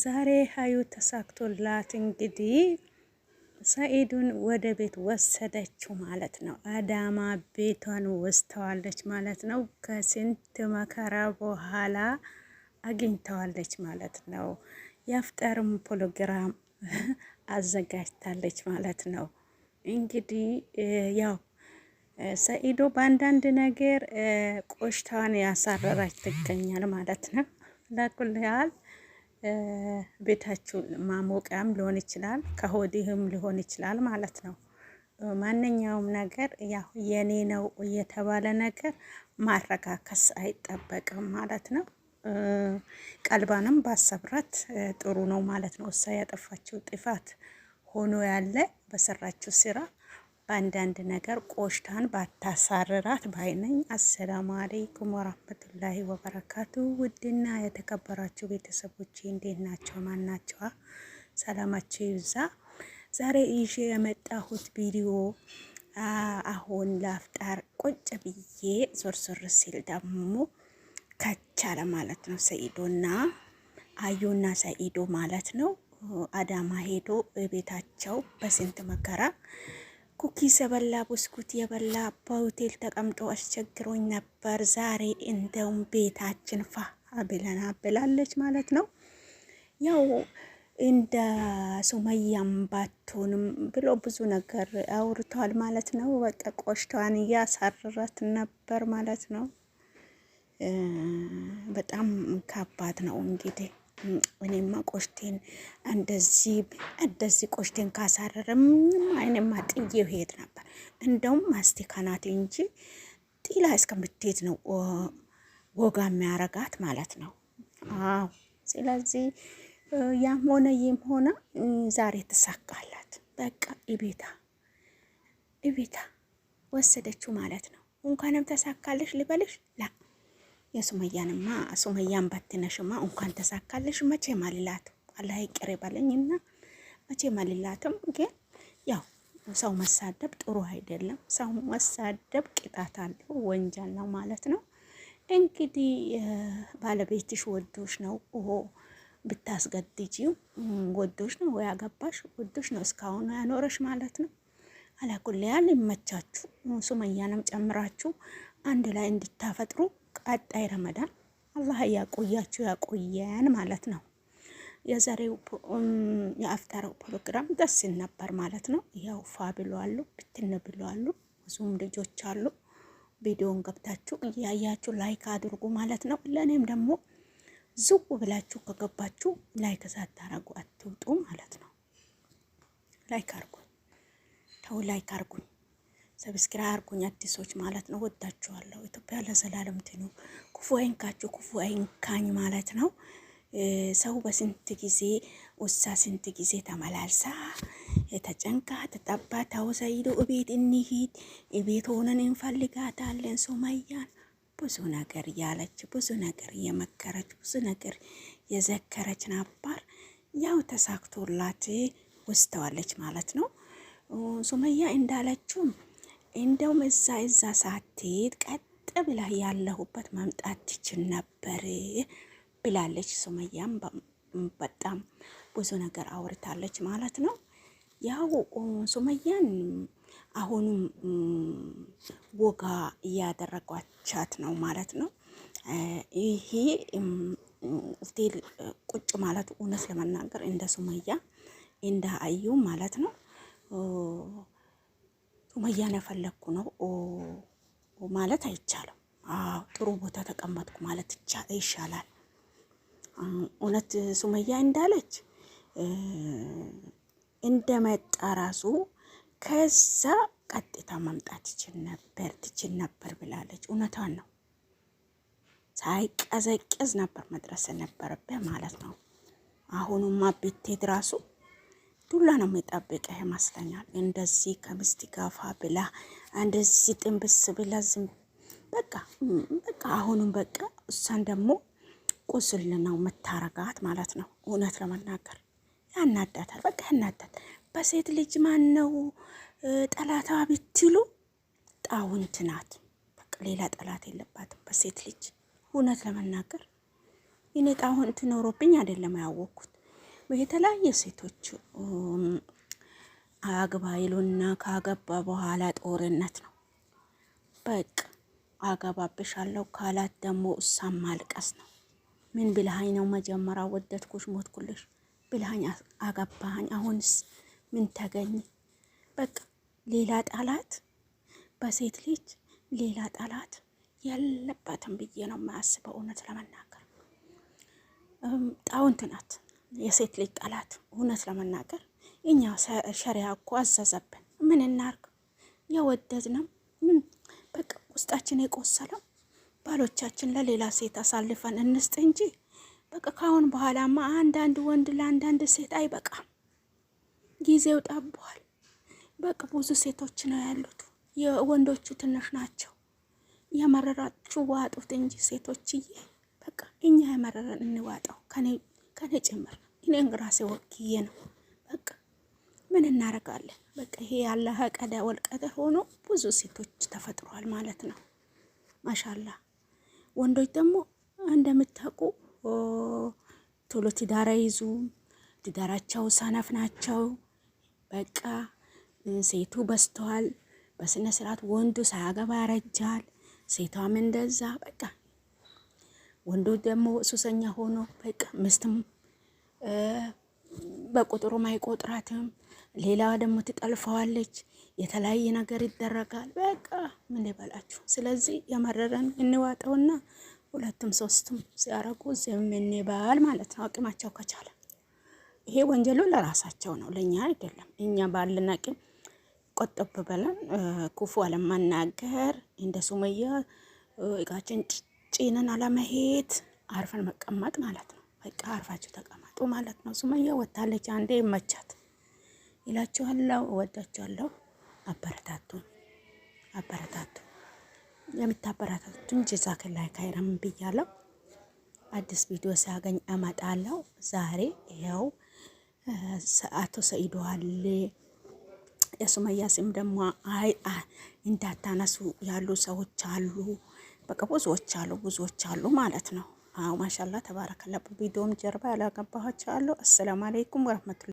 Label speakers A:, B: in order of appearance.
A: ዛሬ ሀዩ ተሳክቶላት እንግዲህ ሰኢዱን ወደ ቤት ወሰደችው ማለት ነው። አዳማ ቤቷን ወስተዋለች ማለት ነው። ከስንት መከራ በኋላ አግኝተዋለች ማለት ነው። የአፍጠርም ፕሮግራም አዘጋጅታለች ማለት ነው። እንግዲህ ያው ሰኢዶ በአንዳንድ ነገር ቆሽታዋን ያሳረራች ትገኛል ማለት ነው። ለኩል ያህል ቤታችሁ ማሞቂያም ሊሆን ይችላል፣ ከሆዲህም ሊሆን ይችላል ማለት ነው። ማንኛውም ነገር ያው የኔ ነው የተባለ ነገር ማረካከስ አይጠበቅም ማለት ነው። ቀልባንም ባሰብረት ጥሩ ነው ማለት ነው። እሷ ያጠፋችው ጥፋት ሆኖ ያለ በሰራችው ስራ በአንዳንድ ነገር ቆሽታን ባታሳርራት ባይነኝ። አሰላሙ አለይኩም ወራህመቱላሂ ወበረካቱ። ውድና የተከበራችሁ ቤተሰቦቼ እንዴት ናቸው? ማን ናቸዋ? ሰላማቸው ይብዛ። ዛሬ ይዤ የመጣሁት ቪዲዮ አሁን ለአፍጣር ቁጭ ብዬ ዞር ዞር ሲል ደግሞ ከቻለ ማለት ነው ሰኢዶና አዩና ሰኢዶ ማለት ነው አዳማ ሄዶ ቤታቸው በስንት መከራ ኩኪስ የበላ ብስኩት የበላ በሆቴል ተቀምጦ አስቸግሮኝ ነበር። ዛሬ እንደውም ቤታችን ፋ ብለና ብላለች ማለት ነው። ያው እንደ ሱመያም ባትሆንም ብሎ ብዙ ነገር አውርተዋል ማለት ነው። በቃ ቆሽተዋን እያሳረረት ነበር ማለት ነው። በጣም ከባድ ነው እንግዲህ እኔማ ቆሽቴን እንደዚህ እንደዚህ ቆሽቴን ካሳረረም አይንማ ጥዬው ሄድ ነበር። እንደውም ማስቲካ ናት እንጂ ጢላ እስከምትሄድ ነው ወጋ የሚያረጋት ማለት ነው። አዎ ስለዚህ ያም ሆነ ይህም ሆነ ዛሬ ትሳካላት። በቃ ኢቤታ ኢቤታ ወሰደችው ማለት ነው። እንኳንም ተሳካልሽ ልበልሽ ላ የሱመያንማ ሱመያን በትነሽማ እንኳን ተሳካለሽ መቼ ማልላት አላህ ይቅር በለኝ እና መቼም አልላትም። ግን ያው ሰው መሳደብ ጥሩ አይደለም። ሰው መሳደብ ቅጣት አለው፣ ወንጀል ነው ማለት ነው። እንግዲህ ባለቤትሽ ወዶሽ ነው ብታስገድጂ ወዶሽ ነው ወይ አገባሽ፣ ወዶሽ ነው እስካሁን ያኖረሽ ማለት ነው። አላኩል ያል ይመቻችሁ፣ ሱመያንም ጨምራችሁ አንድ ላይ እንድታፈጥሩ ቀጣይ ረመዳን አላህ ያቆያችሁ ያቆየን ማለት ነው። የዛሬው የአፍጠረው ፕሮግራም ደስ ይል ነበር ማለት ነው። ያው ፋ ብለዋሉ ብትን ብለዋሉ ብዙም ልጆች አሉ። ቪዲዮን ገብታችሁ እያያችሁ ላይክ አድርጉ ማለት ነው። ለእኔም ደግሞ ዝው ብላችሁ ከገባችሁ ላይክ ሳታረጉ አትውጡ ማለት ነው። ላይክ አርጉ ተው ላይክ አርጉኝ። ሰብስክራ አርጉኝ አዲሶች ማለት ነው። ወዳችኋለሁ። ኢትዮጵያ ለዘላለም ትኑ። ክፉ አይንካችሁ፣ ክፉ አይንካኝ ማለት ነው። ሰው በስንት ጊዜ ውሳ ስንት ጊዜ ተመላልሳ ተጨንቃ ተጠባ ታወሳይዶ እቤት እንሂድ እቤት ሆነን እንፈልጋታለን። ሱመያን ብዙ ነገር ያለች ብዙ ነገር የመከረች ብዙ ነገር የዘከረች ነበር። ያው ተሳክቶላት ውስተዋለች ማለት ነው። ሱመያ እንዳለችውም እንደውም እዛ እዛ ሳትሄድ ቀጥ ብላ ያለሁበት መምጣት ትችል ነበር ብላለች። ሱመያም በጣም ብዙ ነገር አውርታለች ማለት ነው። ያው ሱመያን አሁንም ወጋ እያደረጓቻት ነው ማለት ነው። ይሄ ስቲል ቁጭ ማለት እውነት ለመናገር እንደ ሱመያ እንደ አዩ ማለት ነው ሱመያን የፈለግኩ ነው ማለት አይቻልም። ጥሩ ቦታ ተቀመጥኩ ማለት ይሻላል። እውነት ሱመያ እንዳለች እንደመጣ ራሱ ከዛ ቀጥታ መምጣት ትችል ነበር ትችል ነበር ብላለች። እውነቷን ነው። ሳይቀዘቅዝ ነበር መድረስ ነበረብህ ማለት ነው። አሁኑማ ቤቴድ ራሱ ዱላ ነው የሚጣበቀ ይመስለኛል። እንደዚህ ከሚስት ጋፋ ብላ እንደዚህ ጥንብስ ብላ ዝም በቃ በቃ አሁንም በቃ እሷን ደግሞ ቁስል ነው መታረጋት ማለት ነው። እውነት ለመናገር ያናዳታል፣ በቃ ያናዳታል። በሴት ልጅ ማን ነው ጠላታ ብትሉ ጣውንት ናት። በቃ ሌላ ጠላት የለባትም በሴት ልጅ እውነት ለመናገር እኔ ጣውንት ኖሮብኝ አይደለም ያወቅኩት የተለያየ ሴቶች አግባ ይሉና ካገባ በኋላ ጦርነት ነው። በቃ አገባብሻለሁ ካላት ደግሞ እሷም ማልቀስ ነው። ምን ብልሃኝ ነው መጀመሪያ ወደድኩሽ፣ ሞትኩልሽ ብልሃኝ አገባሃኝ፣ አሁንስ ምን ተገኘ? በቃ ሌላ ጠላት በሴት ልጅ ሌላ ጠላት የለባትም ብዬ ነው የማያስበው እውነት ለመናገር ጣውንት ናት። የሴት ልጅ ጠላት። እውነት ለመናገር እኛ ሸሪያ እኮ አዘዘብን። ምን እናርግ? የወደድ ነው በቃ ውስጣችን የቆሰለው ባሎቻችን ለሌላ ሴት አሳልፈን እንስጥ እንጂ በቃ ካሁን በኋላማ አንዳንድ ወንድ ለአንዳንድ ሴት አይበቃም። ጊዜው ጠቧል። በቃ ብዙ ሴቶች ነው ያሉት፣ የወንዶቹ ትንሽ ናቸው። የመረራችሁ ዋጡት እንጂ ሴቶችዬ፣ በቃ እኛ የመረረን እንዋጠው ከኔ ጭምር እኔ ራሴ ወክዬ ነው። በቃ ምን እናደርጋለን? በቃ ይሄ ያለህ ቀደ ወልቀደ ሆኖ ብዙ ሴቶች ተፈጥሯል ማለት ነው። ማሻላ ወንዶች ደግሞ እንደምታውቁ ቶሎ ትዳር ይዙ ትዳራቸው ሰነፍ ናቸው። በቃ ሴቱ በስተዋል በስነ ስርዓት ወንዱ ሳያገባ ያረጃል። ሴቷም እንደዛ በቃ ወንዱ ደግሞ ሱሰኛ ሆኖ በቃ ምስትም በቁጥሩ አይቆጥራትም። ሌላ ደግሞ ትጠልፈዋለች። የተለያየ ነገር ይደረጋል። በቃ ምን ይበላችሁ። ስለዚህ የመረረን እንዋጠውና ሁለቱም ሶስቱም ሲያረጉ ዝም እንባል ማለት ነው፣ አቅማቸው ከቻለ። ይሄ ወንጀሉ ለራሳቸው ነው፣ ለእኛ አይደለም። እኛ ባለን አቅም ቆጠብ ብለን ክፉ አለማናገር እንደ ሱመያ እቃችን ጭነን አለመሄድ፣ አርፈን መቀመጥ ማለት ነው። በቃ አርፋችሁ ተቀመጡ። ማለት ነው። ሱመያ ወታለች። አንዴ ይመቻት ይላችኋለሁ። እወዳችኋለሁ። አበረታቱ አበረታቱ። የምታበረታቱን ጀዛከላይ ካይረም ብያለሁ። አዲስ ቪዲዮ ሲያገኝ አመጣለሁ። ዛሬ ይኸው አቶ ሰኢድ ዋሌ የሱመያ ስም ደግሞ እንዳታነሱ ያሉ ሰዎች አሉ። በቃ ብዙዎች አሉ፣ ብዙዎች አሉ ማለት ነው። አዎ ማሻላ ተባረከላ። ቪዲዮም ጀርባ ያላገባኋቸው አሉ። አሰላሙ አለይኩም ወረህመቱላ